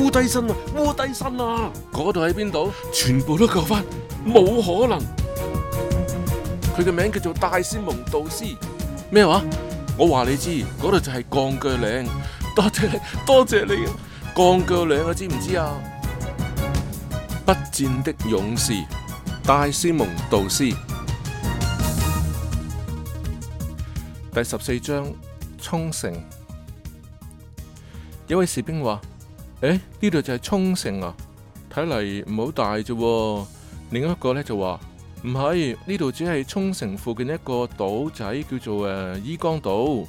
烏低身啊，烏低身啊！嗰度喺邊度？全部都救翻，冇可能。佢嘅名叫做戴斯蒙杜斯，咩話？我話你知，嗰度就係鋼鋸嶺。多謝你，多謝你。鋼鋸嶺啊，知唔知啊？不戰的勇士，戴斯蒙杜斯。第十四章沖繩。有位士兵話。誒，呢度就係沖繩啊，睇嚟唔好大啫喎。另一個呢就話唔係，呢度只係沖繩附近一個島仔，叫做誒伊江島。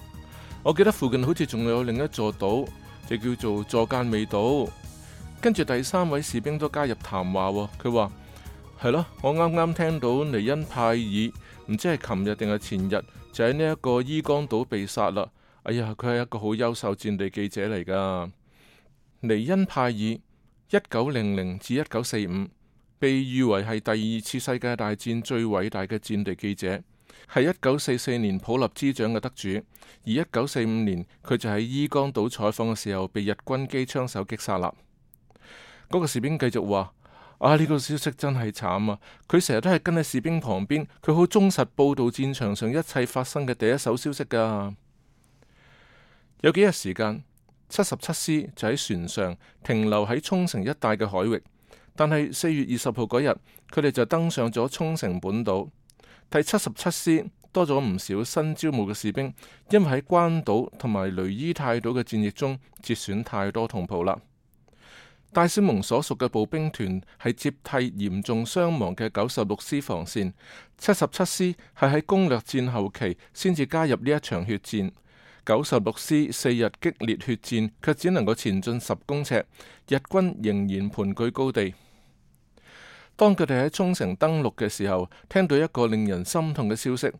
我記得附近好似仲有另一座島，就叫做座間味島。跟住第三位士兵都加入談話喎，佢話係咯，我啱啱聽到尼恩派爾唔知係琴日定係前日就喺呢一個伊江島，島被殺啦。哎呀，佢係一個好優秀戰地記者嚟噶。尼恩派爾，一九零零至一九四五，被譽為係第二次世界大戰最偉大嘅戰地記者，係一九四四年普立茲獎嘅得主。而一九四五年，佢就喺伊江島採訪嘅時候，被日軍機槍手擊殺啦。嗰個士兵繼續話，啊，呢個消息真係慘啊！佢成日都係跟喺士兵旁邊，佢好忠實報道戰場上一切發生嘅第一手消息噶。有幾日時間？七十七師就喺船上停留喺沖繩一帶嘅海域，但係四月二十號嗰日，佢哋就登上咗沖繩本島。第七十七師多咗唔少新招募嘅士兵，因為喺關島同埋雷伊泰島嘅戰役中折損太多同袍啦。戴斯蒙所屬嘅步兵團係接替嚴重傷亡嘅九十六師防線，七十七師係喺攻略戰後期先至加入呢一場血戰。九十六師四日激烈血戰，却只能夠前進十公尺。日軍仍然盤踞高地。當佢哋喺沖繩登陸嘅時候，聽到一個令人心痛嘅消息。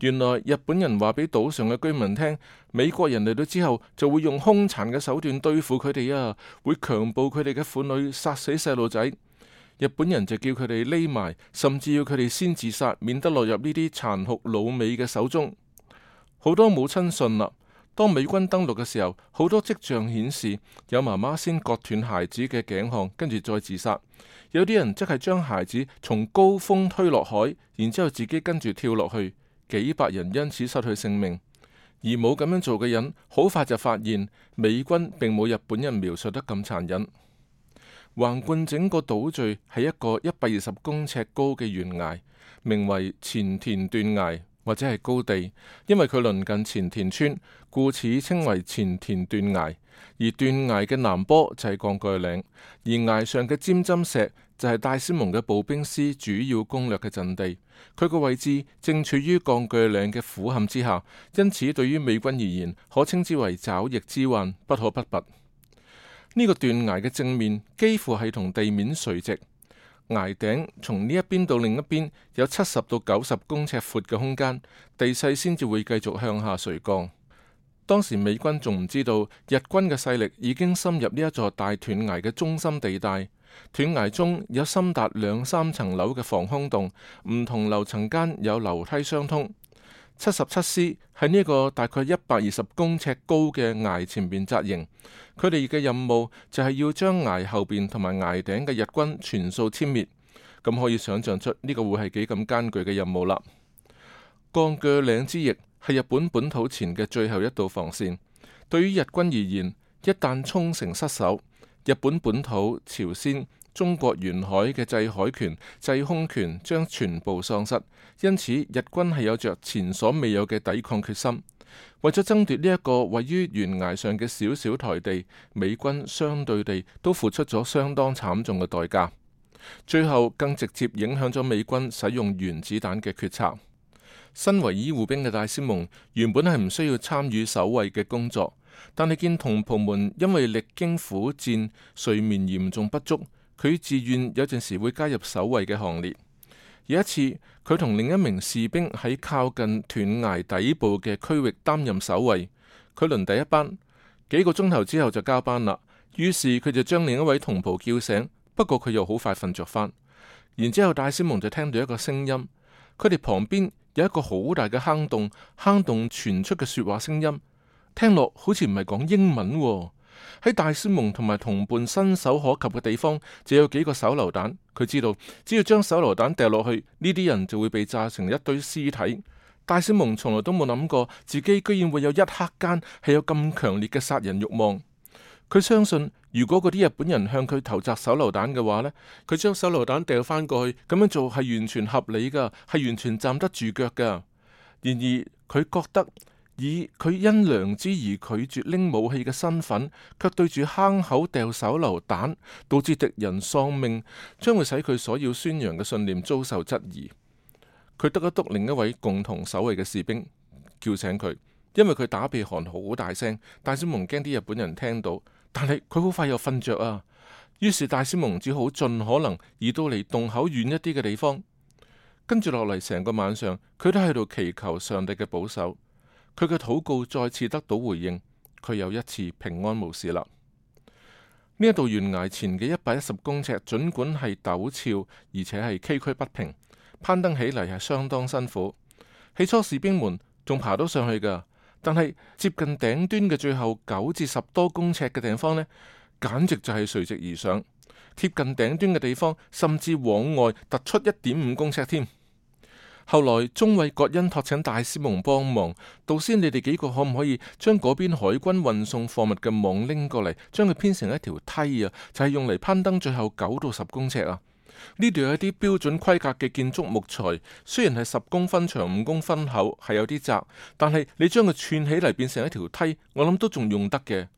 原來日本人話俾島上嘅居民聽，美國人嚟到之後就會用兇殘嘅手段對付佢哋啊，會強暴佢哋嘅婦女，殺死細路仔。日本人就叫佢哋匿埋，甚至要佢哋先自殺，免得落入呢啲殘酷老美嘅手中。好多母親信啦、啊。當美軍登陸嘅時候，好多跡象顯示有媽媽先割斷孩子嘅頸項，跟住再自殺；有啲人即係將孩子從高峰推落海，然之後自己跟住跳落去，幾百人因此失去性命。而冇咁樣做嘅人，好快就發現美軍並冇日本人描述得咁殘忍。橫貫整個島嶼係一個一百二十公尺高嘅懸崖，名為前田斷崖。或者係高地，因為佢鄰近前田村，故此稱為前田斷崖。而斷崖嘅南坡就係鋼鋸嶺，而崖上嘅尖針石就係戴斯蒙嘅步兵師主要攻略嘅陣地。佢個位置正處於鋼鋸嶺嘅俯瞰之下，因此對於美軍而言，可稱之為爪翼之患，不可不拔。呢、這個斷崖嘅正面幾乎係同地面垂直。崖頂從呢一邊到另一邊有七十到九十公尺闊嘅空間，地勢先至會繼續向下垂降。當時美軍仲唔知道日軍嘅勢力已經深入呢一座大斷崖嘅中心地帶，斷崖中有深達兩三層樓嘅防空洞，唔同樓層間有樓梯相通。七十七師喺呢個大概一百二十公尺高嘅崖前邊紮營，佢哋嘅任務就係要將崖後邊同埋崖頂嘅日軍全數殲滅。咁可以想像出呢個會係幾咁艱巨嘅任務啦。鋼鋸嶺之役係日本本土前嘅最後一道防線，對於日軍而言，一旦沖繩失守，日本本土、朝鮮、中國沿海嘅制海權、制空權將全部喪失，因此日軍係有着前所未有嘅抵抗決心。為咗爭奪呢一個位於懸崖上嘅小小台地，美軍相對地都付出咗相當慘重嘅代價，最後更直接影響咗美軍使用原子彈嘅決策。身為醫護兵嘅戴斯蒙原本係唔需要參與守衛嘅工作，但係見同袍們因為歷經苦戰，睡眠嚴重不足。佢自願有陣時會加入守衛嘅行列。有一次，佢同另一名士兵喺靠近斷崖底部嘅區域擔任守衛。佢輪第一班，幾個鐘頭之後就交班啦。於是佢就將另一位同袍叫醒，不過佢又好快瞓着翻。然之後，戴斯蒙就聽到一個聲音，佢哋旁邊有一個好大嘅坑洞，坑洞傳出嘅說話聲音，聽落好似唔係講英文喎。喺戴斯蒙同埋同伴伸手可及嘅地方，只有幾個手榴彈。佢知道，只要將手榴彈掉落去，呢啲人就會被炸成一堆屍體。戴斯蒙從來都冇諗過，自己居然會有一刻間係有咁強烈嘅殺人慾望。佢相信，如果嗰啲日本人向佢投擲手榴彈嘅話呢，佢將手榴彈掉翻過去，咁樣做係完全合理噶，係完全站得住腳噶。然而，佢覺得。以佢因良知而拒絕拎武器嘅身份，卻對住坑口掉手榴彈，導致敵人喪命，將會使佢所要宣揚嘅信念遭受質疑。佢篤一篤另一位共同守衛嘅士兵叫醒佢，因為佢打鼻鼾好大聲，戴斯蒙驚啲日本人聽到，但係佢好快又瞓着啊。於是戴斯蒙只好盡可能移到離洞口遠一啲嘅地方。跟住落嚟，成個晚上佢都喺度祈求上帝嘅保守。佢嘅禱告再次得到回應，佢又一次平安無事啦。呢一道懸崖前嘅一百一十公尺，儘管係陡峭而且係崎嶇不平，攀登起嚟係相當辛苦。起初士兵們仲爬到上去㗎，但係接近頂端嘅最後九至十多公尺嘅地方呢，簡直就係垂直而上。貼近頂端嘅地方，甚至往外突出一點五公尺添。後來中尉國恩託請戴斯蒙幫忙，道先你哋幾個可唔可以將嗰邊海軍運送貨物嘅網拎過嚟，將佢編成一條梯啊，就係、是、用嚟攀登最後九到十公尺啊。呢度有一啲標準規格嘅建築木材，雖然係十公分長、五公分厚，係有啲窄，但係你將佢串起嚟變成一條梯，我諗都仲用得嘅。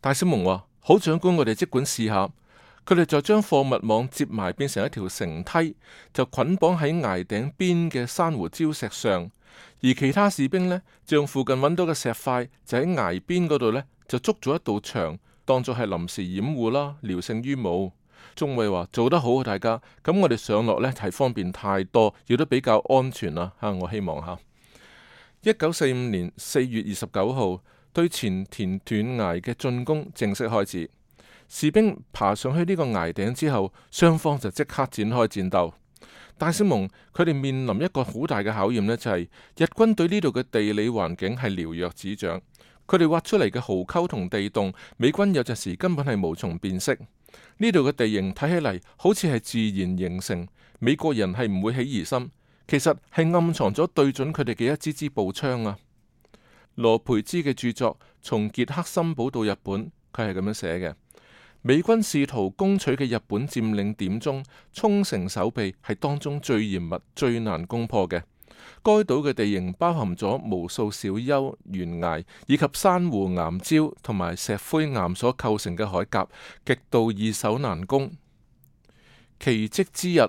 戴斯蒙話：好，長官，我哋即管試下。佢哋就將貨物網接埋，變成一條繩梯，就捆綁喺崖頂邊嘅珊瑚礁石上。而其他士兵呢，就用附近搵到嘅石塊，就喺崖邊嗰度呢，就築咗一道牆，當做係臨時掩護啦，聊勝於無。中尉話，做得好，好，大家咁我哋上落呢，係方便太多，亦都比較安全啦。吓，我希望吓。一九四五年四月二十九號，對前田斷崖嘅進攻正式開始。士兵爬上去呢個崖頂之後，雙方就即刻展開戰鬥。戴斯蒙佢哋面臨一個好大嘅考驗呢，就係、是、日軍對呢度嘅地理環境係瞭若指掌。佢哋挖出嚟嘅壕溝同地洞，美軍有陣時根本係無從辨識呢度嘅地形。睇起嚟好似係自然形成，美國人係唔會起疑心，其實係暗藏咗對準佢哋嘅一支支步槍啊。羅培茲嘅著作《從傑克森堡到日本》，佢係咁樣寫嘅。美軍試圖攻取嘅日本佔領點中，沖繩守備係當中最嚴密、最難攻破嘅。該島嘅地形包含咗無數小丘、懸崖以及珊瑚岩礁同埋石灰岩所構成嘅海岬，極度易守難攻。奇蹟之日，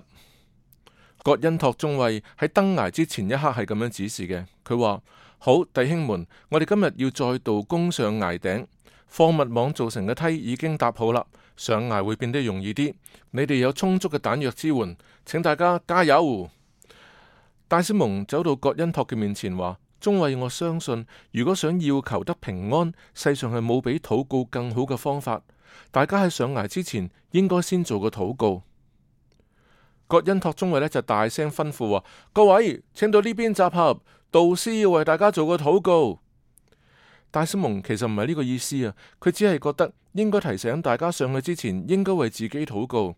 葛恩托中尉喺登崖之前一刻係咁樣指示嘅。佢話：好，弟兄們，我哋今日要再度攻上崖頂。貨物網造成嘅梯已經搭好啦，上崖會變得容易啲。你哋有充足嘅彈藥支援，請大家加油。戴斯蒙走到葛恩托嘅面前，話：中衛，我相信，如果想要求得平安，世上係冇比禱告更好嘅方法。大家喺上崖之前，應該先做個禱告。葛恩托中衛呢就大聲吩咐話：各位，請到呢邊集合，導師要為大家做個禱告。戴斯蒙其實唔係呢個意思啊，佢只係覺得應該提醒大家上去之前應該為自己禱告，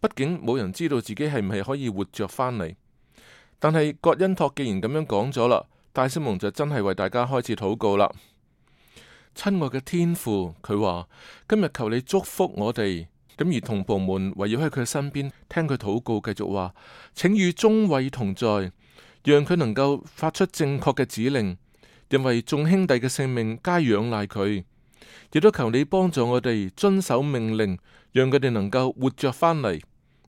畢竟冇人知道自己係唔係可以活着翻嚟。但係葛恩托既然咁樣講咗啦，戴斯蒙就真係為大家開始禱告啦。親愛嘅天父，佢話今日求你祝福我哋，咁而同袍們圍繞喺佢身邊聽佢禱告，繼續話請與中尉同在，讓佢能夠發出正確嘅指令，因為眾兄弟嘅性命皆仰賴佢，亦都求你幫助我哋遵守命令，讓佢哋能夠活着翻嚟。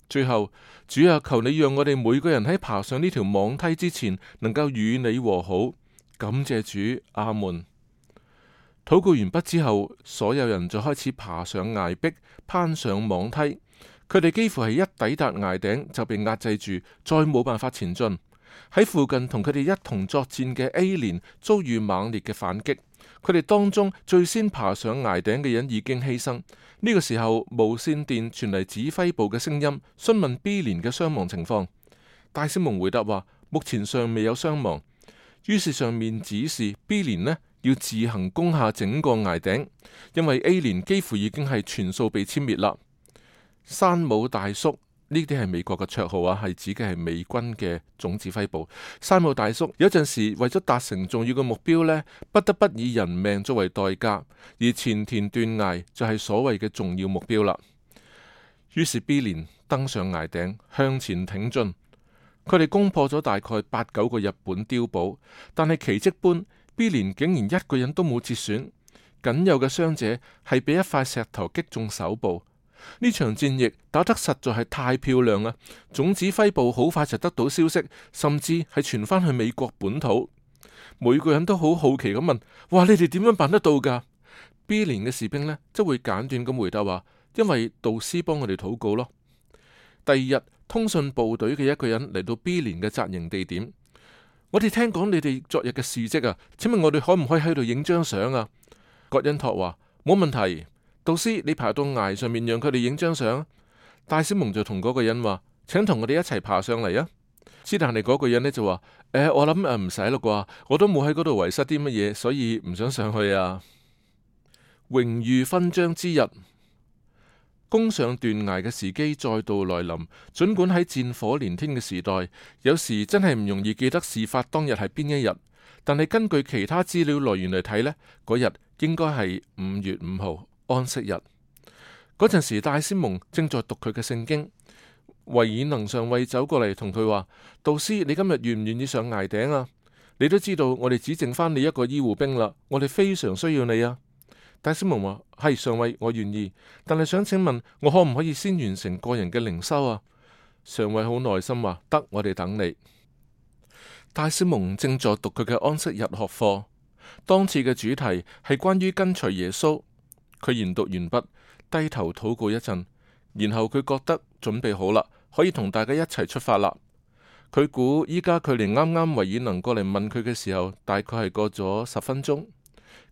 最後，主啊，求你讓我哋每個人喺爬上呢條網梯之前，能夠與你和好。感謝主，阿門。禱告完畢之後，所有人就開始爬上崖壁，攀上網梯。佢哋幾乎係一抵達崖頂就被壓制住，再冇辦法前進。喺附近同佢哋一同作戰嘅 A 連遭遇猛烈嘅反擊，佢哋當中最先爬上崖頂嘅人已經犧牲。呢、這個時候無線電傳嚟指揮部嘅聲音，詢問 B 連嘅傷亡情況。戴斯蒙回答話目前尚未有傷亡。於是上面指示 B 連呢要自行攻下整個崖頂，因為 A 連幾乎已經係全數被殲滅啦。山姆大叔。呢啲係美國嘅綽號啊，係指嘅係美軍嘅總指揮部。山姆大叔有陣時為咗達成重要嘅目標呢，不得不以人命作為代價。而前田斷崖就係所謂嘅重要目標啦。於是 B 連登上崖頂向前挺進，佢哋攻破咗大概八九個日本碉堡，但係奇蹟般，B 連竟然一個人都冇折損，僅有嘅傷者係被一塊石頭擊中手部。呢場戰役打得實在係太漂亮啦！總指揮部好快就得到消息，甚至係傳翻去美國本土。每個人都好好奇咁問：哇，你哋點樣辦得到噶？B 連嘅士兵呢，則會簡短咁回答話：因為導師幫我哋禱告咯。第二日，通訊部隊嘅一個人嚟到 B 連嘅紮營地點，我哋聽講你哋昨日嘅事蹟啊，請問我哋可唔可以喺度影張相啊？葛恩托話：冇問題。杜斯，你爬到崖上面，讓佢哋影張相啊。戴斯蒙就同嗰個人話，請同我哋一齊爬上嚟啊。斯坦利嗰個人呢就話：誒、欸，我諗誒唔使啦啩，我都冇喺嗰度遺失啲乜嘢，所以唔想上去啊。榮譽勳章之日，攻上斷崖嘅時機再度來臨。盡管喺戰火連天嘅時代，有時真係唔容易記得事發當日係邊一日，但係根據其他資料來源嚟睇呢，嗰日應該係五月五號。安息日嗰陣時，戴斯蒙正在讀佢嘅聖經。維爾能上尉走過嚟同佢話：導師，你今日願唔願意上崖頂啊？你都知道，我哋只剩翻你一個醫護兵啦，我哋非常需要你啊！戴斯蒙話：係上尉，我願意，但係想請問，我可唔可以先完成個人嘅靈修啊？上尉好耐心話：得，我哋等你。戴斯蒙正在讀佢嘅安息日學課，當次嘅主題係關於跟隨耶穌。佢研讀完畢，低頭禱告一陣，然後佢覺得準備好啦，可以同大家一齊出發啦。佢估依家距離啱啱維爾能過嚟問佢嘅時候，大概係過咗十分鐘。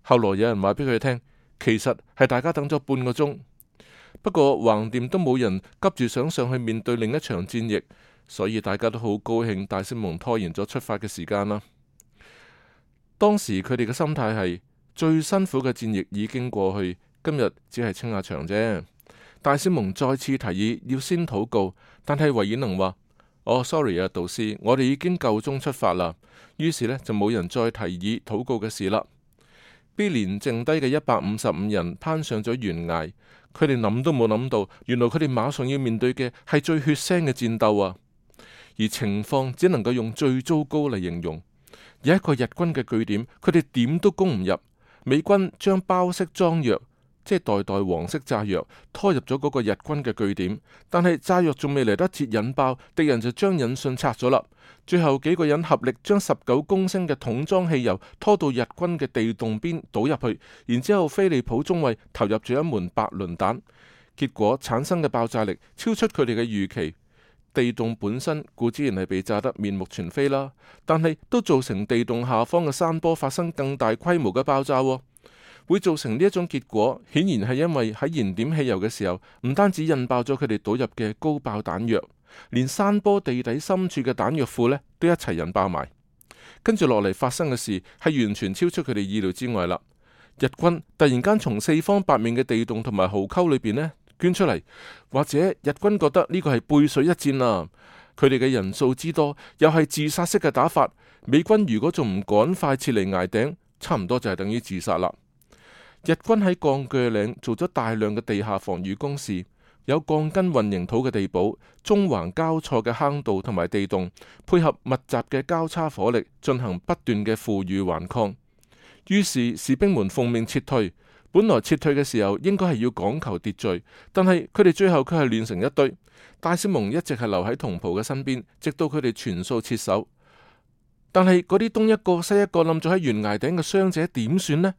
後來有人話俾佢聽，其實係大家等咗半個鐘。不過橫掂都冇人急住想上去面對另一場戰役，所以大家都好高興，戴斯蒙拖延咗出發嘅時間啦。當時佢哋嘅心態係最辛苦嘅戰役已經過去。今日只係清下場啫。戴斯蒙再次提議要先禱告，但係維爾能話：哦、oh，sorry 啊，導師，我哋已經夠鐘出發啦。於是呢，就冇人再提議禱告嘅事啦。b 連剩低嘅一百五十五人攀上咗懸崖，佢哋諗都冇諗到，原來佢哋馬上要面對嘅係最血腥嘅戰鬥啊！而情況只能夠用最糟糕嚟形容。有一個日軍嘅據點，佢哋點都攻唔入。美軍將包式裝藥。即係代代黃色炸藥拖入咗嗰個日軍嘅據點，但係炸藥仲未嚟得切引爆，敵人就將引信拆咗啦。最後幾個人合力將十九公升嘅桶裝汽油拖到日軍嘅地洞邊倒入去，然之後菲利普中尉投入住一門白磷彈，結果產生嘅爆炸力超出佢哋嘅預期。地洞本身固然係被炸得面目全非啦，但係都造成地洞下方嘅山坡發生更大規模嘅爆炸。會造成呢一種結果，顯然係因為喺燃點汽油嘅時候，唔單止引爆咗佢哋倒入嘅高爆彈藥，連山坡地底深處嘅彈藥庫呢都一齊引爆埋。跟住落嚟發生嘅事係完全超出佢哋意料之外啦。日軍突然間從四方八面嘅地洞同埋壕溝裏邊呢捐出嚟，或者日軍覺得呢個係背水一戰啦，啊。佢哋嘅人數之多，又係自殺式嘅打法。美軍如果仲唔趕快撤離崖頂，差唔多就係等於自殺啦。日軍喺鋼鋸嶺做咗大量嘅地下防禦工事，有鋼筋混凝土嘅地堡、縱橫交錯嘅坑道同埋地洞，配合密集嘅交叉火力進行不斷嘅負隅頑抗。於是士兵們奉命撤退，本來撤退嘅時候應該係要講求秩序，但係佢哋最後卻係亂成一堆。戴斯蒙一直係留喺同袍嘅身邊，直到佢哋全數撤守。但係嗰啲東一個西一個冧咗喺懸崖頂嘅傷者點算呢？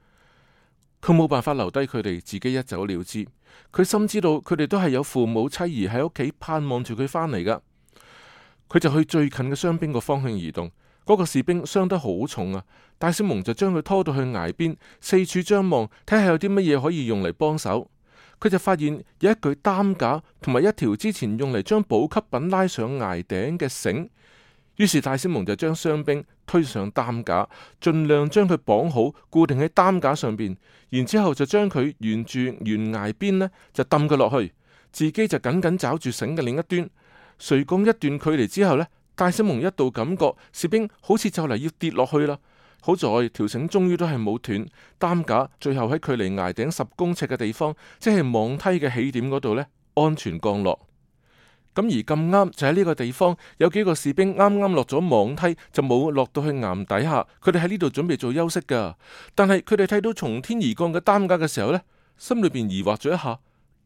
佢冇辦法留低佢哋，自己一走了之。佢深知道佢哋都係有父母妻兒喺屋企盼望住佢翻嚟噶佢就去最近嘅傷兵個方向移動。嗰個士兵傷得好重啊！戴斯蒙就將佢拖到去崖邊，四處張望，睇下有啲乜嘢可以用嚟幫手。佢就發現有一具擔架同埋一條之前用嚟將補給品拉上崖頂嘅繩。於是戴斯蒙就將傷兵推上擔架，盡量將佢綁好，固定喺擔架上邊，然之後就將佢沿住懸崖邊呢，就掟佢落去，自己就緊緊抓住繩嘅另一端。垂降一段距離之後呢，戴斯蒙一度感覺士兵好似就嚟要跌落去啦。好在條繩終於都係冇斷，擔架最後喺距離崖頂十公尺嘅地方，即係網梯嘅起點嗰度呢，安全降落。咁而咁啱就喺呢個地方，有幾個士兵啱啱落咗網梯，就冇落到去岩底下。佢哋喺呢度準備做休息噶。但係佢哋睇到從天而降嘅擔架嘅時候呢，心裏邊疑惑咗一下，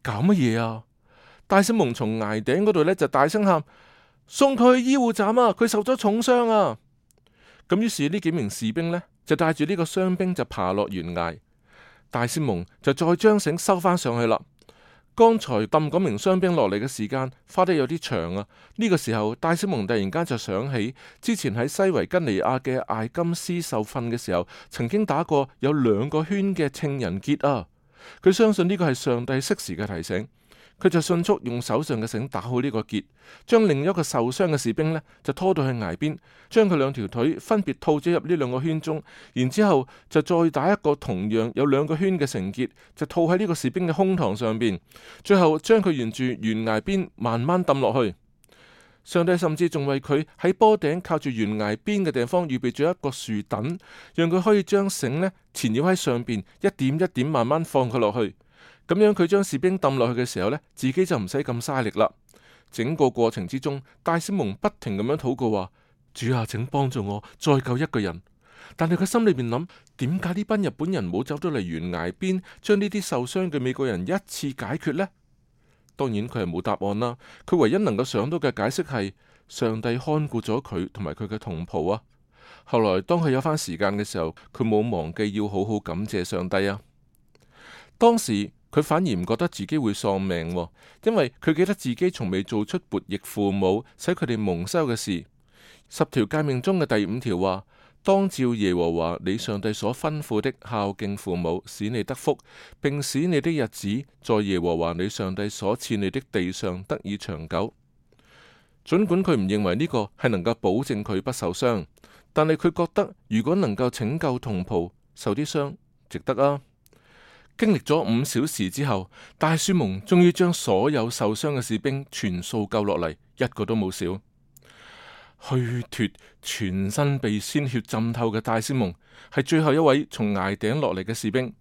搞乜嘢啊？戴斯蒙從崖頂嗰度呢，就大聲喊：送佢去醫護站啊！佢受咗重傷啊！咁於是呢幾名士兵呢，就帶住呢個傷兵就爬落懸崖，戴斯蒙就再將繩,繩收翻上去啦。剛才抌嗰名傷兵落嚟嘅時間花得有啲長啊！呢個時候，戴斯蒙突然間就想起之前喺西維吉尼亞嘅艾金斯受訓嘅時候，曾經打過有兩個圈嘅情人結啊！佢相信呢個係上帝適時嘅提醒。佢就迅速用手上嘅繩打好呢個結，將另一個受傷嘅士兵呢，就拖到去崖邊，將佢兩條腿分別套咗入呢兩個圈中，然之後就再打一個同樣有兩個圈嘅繩結，就套喺呢個士兵嘅胸膛上邊，最後將佢沿住懸崖邊慢慢抌落去。上帝甚至仲為佢喺坡頂靠住懸崖邊嘅地方預備咗一個樹墩，讓佢可以將繩呢纏繞喺上邊，一點一點慢慢放佢落去。咁樣，佢將士兵抌落去嘅時候呢，自己就唔使咁嘥力啦。整個過程之中，戴斯蒙不停咁樣禱告，話主啊，請幫助我再救一個人。但係佢心裏邊諗，點解呢班日本人冇走到嚟懸崖邊，將呢啲受傷嘅美國人一次解決呢？當然佢係冇答案啦。佢唯一能夠想到嘅解釋係上帝看顧咗佢同埋佢嘅同袍啊。後來當佢有翻時間嘅時候，佢冇忘記要好好感謝上帝啊。當時。佢反而唔覺得自己會喪命，哦，因為佢記得自己從未做出悖逆父母使佢哋蒙羞嘅事。十條誡命中嘅第五條話：當照耶和華你上帝所吩咐的孝敬父母，使你得福，並使你的日子在耶和華你上帝所賜你的地上得以長久。儘管佢唔認為呢個係能夠保證佢不受傷，但係佢覺得如果能夠拯救同袍受啲傷，值得啊！經歷咗五小時之後，戴斯蒙終於將所有受傷嘅士兵全數救落嚟，一個都冇少。虛脱、全身被鮮血浸透嘅戴斯蒙係最後一位從崖頂落嚟嘅士兵。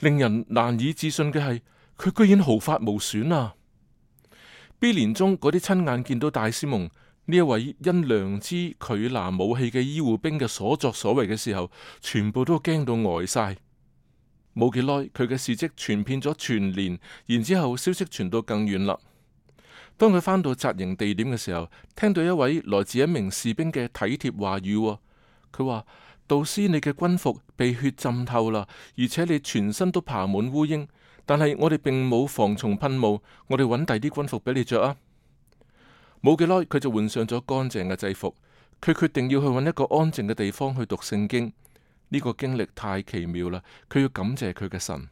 令人難以置信嘅係，佢居然毫髮無損啊！B 連中嗰啲親眼見到戴斯蒙呢一位因良知拒拿武器嘅醫護兵嘅所作所為嘅時候，全部都驚到呆晒。冇幾耐，佢嘅事蹟傳遍咗全年，然之後消息傳到更遠啦。當佢翻到紮營地點嘅時候，聽到一位來自一名士兵嘅體貼話語，哦，佢話：導師，你嘅軍服被血浸透啦，而且你全身都爬滿烏蠅。但係我哋並冇防蟲噴霧，我哋揾第啲軍服俾你着啊！冇幾耐，佢就換上咗乾淨嘅制服。佢決定要去揾一個安靜嘅地方去讀聖經。呢個經歷太奇妙啦！佢要感謝佢嘅神。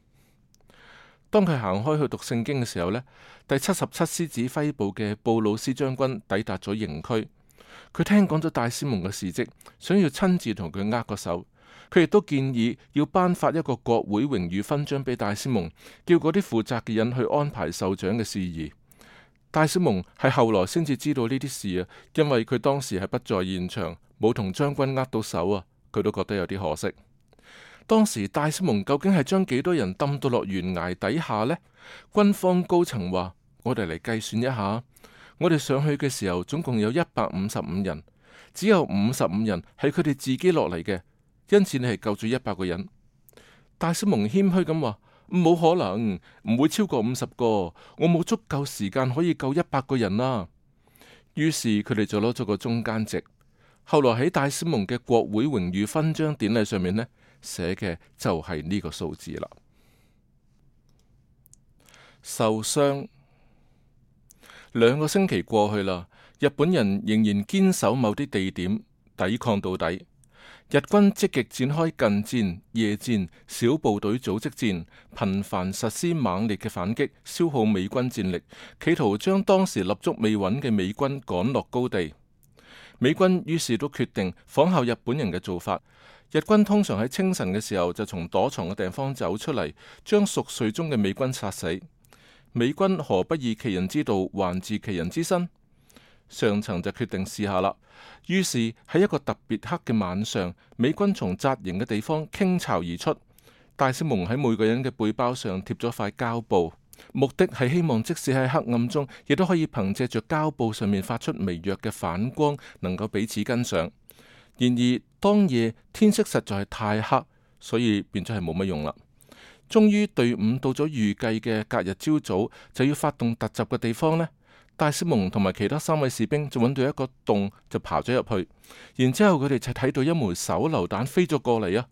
當佢行開去讀聖經嘅時候呢，第七十七師指揮部嘅布魯斯將軍抵達咗營區。佢聽講咗戴斯蒙嘅事蹟，想要親自同佢握個手。佢亦都建議要頒發一個國會榮譽勳章俾戴斯蒙，叫嗰啲負責嘅人去安排授獎嘅事宜。戴斯蒙係後來先至知道呢啲事啊，因為佢當時係不在現場，冇同將軍握到手啊。佢都覺得有啲可惜。當時戴斯蒙究竟係將幾多人抌到落懸崖底下呢？軍方高層話：我哋嚟計算一下，我哋上去嘅時候總共有一百五十五人，只有五十五人係佢哋自己落嚟嘅，因此你係救咗一百個人。戴斯蒙謙虛咁話：冇可能，唔會超過五十個，我冇足夠時間可以救一百個人啦、啊。於是佢哋就攞咗個中間值。後來喺戴斯蒙嘅國會榮譽勳章典禮上面呢，寫嘅就係呢個數字啦。受傷兩個星期過去啦，日本人仍然堅守某啲地點抵抗到底。日軍積極、極展開近戰、夜戰、小部隊組織戰，頻繁實施猛烈嘅反擊，消耗美軍戰力，企圖將當時立足未穩嘅美軍趕落高地。美軍於是都決定仿效日本人嘅做法。日軍通常喺清晨嘅時候就從躲藏嘅地方走出嚟，將熟睡中嘅美軍殺死。美軍何不以其人之道還治其人之身？上層就決定試下啦。於是喺一個特別黑嘅晚上，美軍從紮營嘅地方傾巢而出，戴斯蒙喺每個人嘅背包上貼咗塊膠布。目的係希望，即使喺黑暗中，亦都可以憑借著膠布上面發出微弱嘅反光，能夠彼此跟上。然而，當夜天色實在係太黑，所以變咗係冇乜用啦。終於，隊伍到咗預計嘅隔日朝早就要發動突襲嘅地方呢，戴斯蒙同埋其他三位士兵就揾到一個洞，就爬咗入去。然之後佢哋就睇到一枚手榴彈飛咗過嚟啊！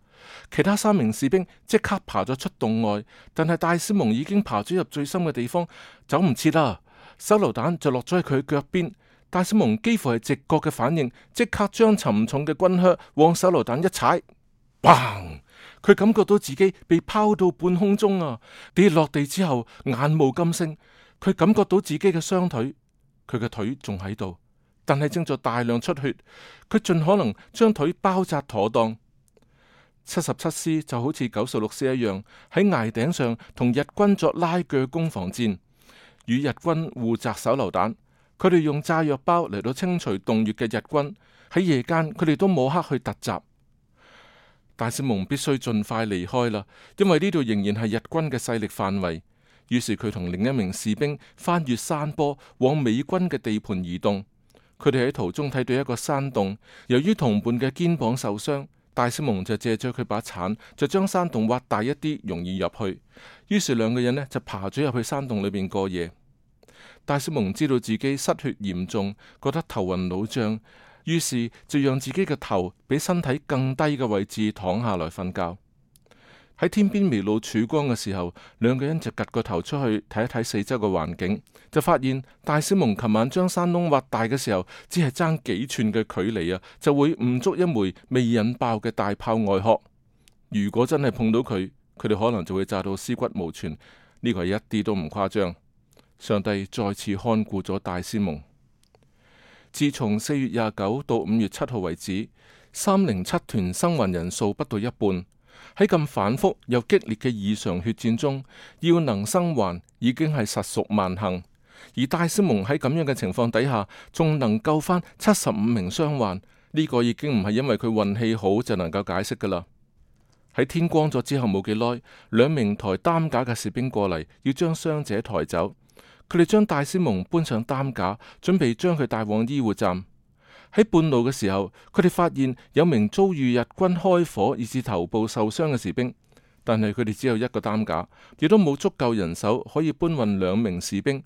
其他三名士兵即刻爬咗出洞外，但係戴斯蒙已經爬咗入最深嘅地方，走唔切啦。手榴彈就落咗喺佢腳邊，戴斯蒙幾乎係直覺嘅反應，即刻將沉重嘅軍靴往手榴彈一踩，砰！佢感覺到自己被拋到半空中啊！跌落地之後眼冒金星，佢感覺到自己嘅雙腿，佢嘅腿仲喺度，但係正在大量出血。佢盡可能將腿包紮妥當。七十七師就好似九十六師一樣，喺崖頂上同日軍作拉鋸攻防戰，與日軍互擲手榴彈。佢哋用炸藥包嚟到清除洞穴嘅日軍。喺夜間，佢哋都摸黑去突襲。戴斯蒙必須盡快離開啦，因為呢度仍然係日軍嘅勢力範圍。於是佢同另一名士兵翻越山坡，往美軍嘅地盤移動。佢哋喺途中睇到一個山洞，由於同伴嘅肩膀受傷，戴斯蒙就借咗佢把鏟，就將山洞挖大一啲，容易入去。於是兩個人呢，就爬咗入去山洞裏面過夜。戴斯蒙知道自己失血嚴重，覺得頭暈腦脹，於是就讓自己嘅頭比身體更低嘅位置躺下來瞓覺。喺天邊微露曙光嘅時候，兩個人就岌個頭出去睇一睇四周嘅環境。就發現，戴斯蒙琴晚將山窿挖大嘅時候，只係爭幾寸嘅距離啊，就會誤觸一枚未引爆嘅大炮外殼。如果真係碰到佢，佢哋可能就會炸到屍骨無存。呢、這個係一啲都唔誇張。上帝再次看顧咗戴斯蒙。自從四月廿九到五月七號為止，三零七團生還人數不到一半。喺咁反覆又激烈嘅異常血戰中，要能生還已經係實屬萬幸。而戴斯蒙喺咁樣嘅情況底下，仲能夠翻七十五名傷患，呢個已經唔係因為佢運氣好就能夠解釋噶啦。喺天光咗之後冇幾耐，兩名抬擔架嘅士兵過嚟，要將傷者抬走。佢哋將戴斯蒙搬上擔架，準備將佢帶往醫護站。喺半路嘅時候，佢哋發現有名遭遇日軍開火以至頭部受傷嘅士兵，但係佢哋只有一個擔架，亦都冇足夠人手可以搬運兩名士兵。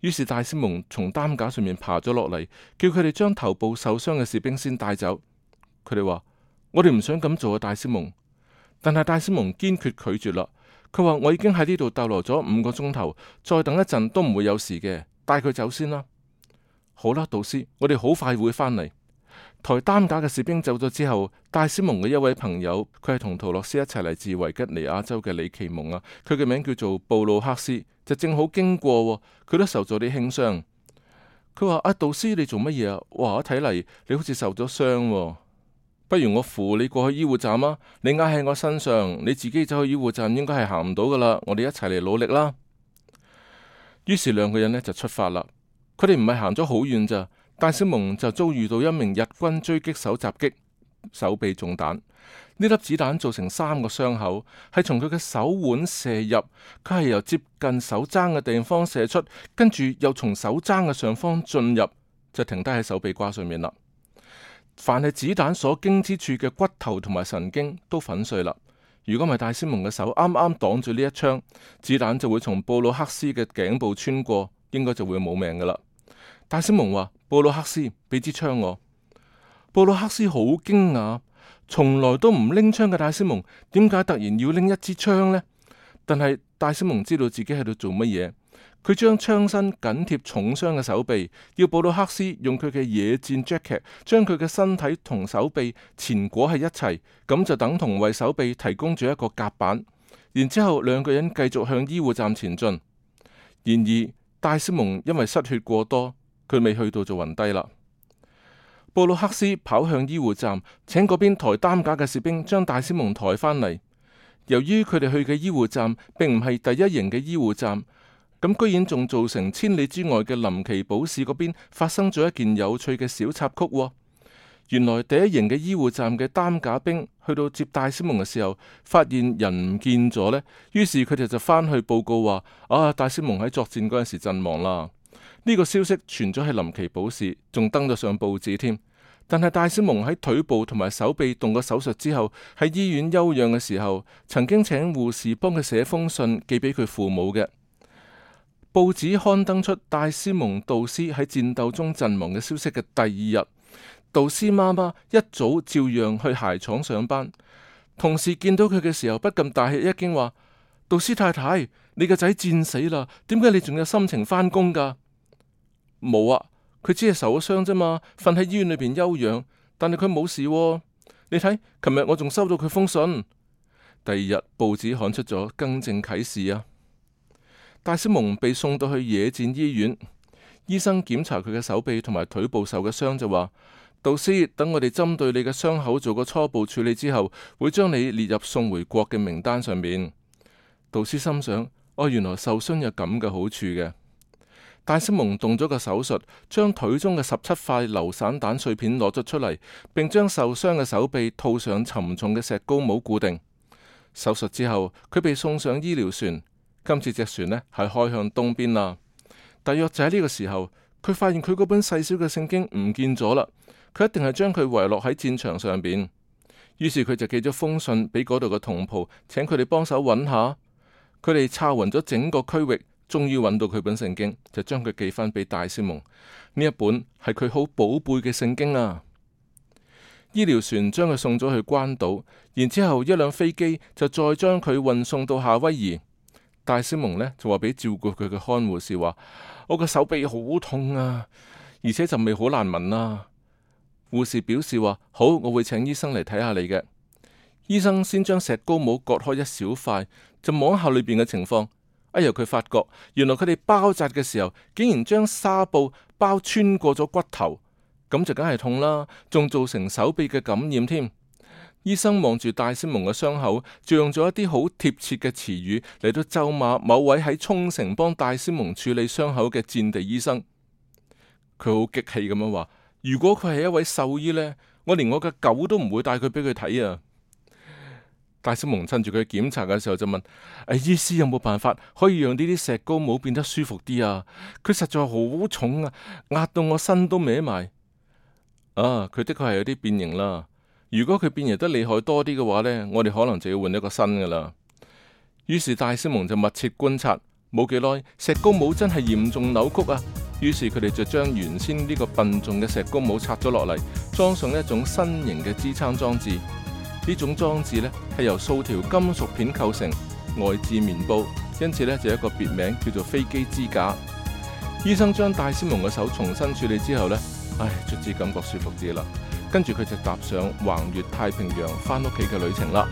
於是戴斯蒙從擔架上面爬咗落嚟，叫佢哋將頭部受傷嘅士兵先帶走。佢哋話：我哋唔想咁做啊，戴斯蒙。但係戴斯蒙堅決拒絕啦。佢話：我已經喺呢度逗留咗五個鐘頭，再等一陣都唔會有事嘅。帶佢走先啦。好啦，杜斯，我哋好快會翻嚟。抬擔架嘅士兵走咗之後，戴斯蒙嘅一位朋友，佢係同陶洛斯一齊嚟自維吉尼亞州嘅里奇蒙啊，佢嘅名叫做布魯克斯，就正好經過，佢都受咗啲輕傷。佢話，阿杜斯，你做乜嘢啊？哇，睇嚟你好似受咗傷，不如我扶你過去醫護站啊！你挨喺我身上，你自己走去醫護站應該係行唔到噶啦，我哋一齊嚟努力啦。於是兩個人呢就出發啦。佢哋唔係行咗好遠咋。戴斯蒙就遭遇到一名日軍狙擊手襲擊，手臂中彈。呢粒子彈造成三個傷口，係從佢嘅手腕射入，佢係由接近手踭嘅地方射出，跟住又從手踭嘅上方進入，就停低喺手臂瓜上面啦。凡係子彈所經之處嘅骨頭同埋神經都粉碎啦。如果唔係戴斯蒙嘅手啱啱擋住呢一槍，子彈就會從布魯克斯嘅頸部穿過，應該就會冇命噶啦。戴斯蒙話。布魯克斯，俾支槍我。布魯克斯好驚訝，從來都唔拎槍嘅戴斯蒙，點解突然要拎一支槍呢？但係戴斯蒙知道自己喺度做乜嘢，佢將槍身緊貼重傷嘅手臂，要布魯克斯用佢嘅野戰 jacket 將佢嘅身體同手臂纏裹喺一齊，咁就等同為手臂提供咗一個夾板。然之後兩個人繼續向醫護站前進。然而戴斯蒙因為失血過多。佢未去到就暈低啦。布魯克斯跑向醫護站，請嗰邊抬擔架嘅士兵將戴斯蒙抬翻嚟。由於佢哋去嘅醫護站並唔係第一營嘅醫護站，咁居然仲造成千里之外嘅林奇堡市嗰邊發生咗一件有趣嘅小插曲。原來第一營嘅醫護站嘅擔架兵去到接戴斯蒙嘅時候，發現人唔見咗呢。於是佢哋就翻去報告話：啊，戴斯蒙喺作戰嗰陣時陣亡啦。呢個消息傳咗喺林奇堡市，仲登咗上報紙添。但係戴斯蒙喺腿部同埋手臂動過手術之後，喺醫院休養嘅時候，曾經請護士幫佢寫封信寄俾佢父母嘅。報紙刊登出戴斯蒙導師喺戰鬥中陣亡嘅消息嘅第二日，導師媽媽一早照樣去鞋廠上班，同事見到佢嘅時候不禁大吃一驚，話：導師太太，你個仔戰死啦，點解你仲有心情返工㗎？冇啊，佢只係受咗傷啫嘛，瞓喺醫院裏邊休養。但係佢冇事、啊，你睇，琴日我仲收到佢封信。第二日報紙刊出咗更正啟事啊。戴斯蒙被送到去野戰醫院，醫生檢查佢嘅手臂同埋腿部受嘅傷就話：杜斯，等我哋針對你嘅傷口做個初步處理之後，會將你列入送回國嘅名單上面。杜斯心想：我、哦、原來受傷有咁嘅好處嘅。戴斯蒙動咗個手術，將腿中嘅十七塊榴散彈碎片攞咗出嚟，並將受傷嘅手臂套上沉重嘅石膏帽固定。手術之後，佢被送上醫療船。今次隻船呢係開向東邊啦。大約就喺呢個時候，佢發現佢嗰本細小嘅聖經唔見咗啦。佢一定係將佢遺落喺戰場上邊。於是佢就寄咗封信俾嗰度嘅同袍，請佢哋幫手揾下。佢哋查勻咗整個區域。終於揾到佢本聖經，就將佢寄翻俾戴斯蒙。呢一本係佢好寶貝嘅聖經啊。醫療船將佢送咗去關島，然之後一輛飛機就再將佢運送到夏威夷。戴斯蒙呢就話俾照顧佢嘅看護士話：我個手臂好痛啊，而且就味好難聞啊。護士表示話：好，我會請醫生嚟睇下你嘅。醫生先將石膏帽割開一小塊，就望下裏邊嘅情況。哎呀！佢發覺原來佢哋包紮嘅時候，竟然將紗布包穿過咗骨頭，咁就梗係痛啦，仲造成手臂嘅感染添。醫生望住戴斯蒙嘅傷口，就用咗一啲好貼切嘅詞語嚟到咒罵某位喺沖繩幫戴斯蒙處理傷口嘅戰地醫生。佢好激氣咁樣話：如果佢係一位獸醫呢，我連我嘅狗都唔會帶佢俾佢睇啊！戴斯蒙趁住佢檢查嘅時候就問：誒，醫師，有冇辦法可以讓呢啲石膏帽變得舒服啲啊？佢實在好重啊，壓到我身都歪埋。啊！佢的確係有啲變形啦。如果佢變形得厲害多啲嘅話呢，我哋可能就要換一個新嘅啦。於是戴斯蒙就密切觀察，冇幾耐，石膏帽真係嚴重扭曲啊。於是佢哋就將原先呢個笨重嘅石膏帽拆咗落嚟，裝上一種新型嘅支撐裝置。呢種裝置咧，係由數條金屬片構成，外置棉布，因此咧就有一個別名叫做飛機支架。醫生將戴斯蒙嘅手重新處理之後呢，唉，卒之感覺舒服啲啦。跟住佢就踏上橫越太平洋翻屋企嘅旅程啦。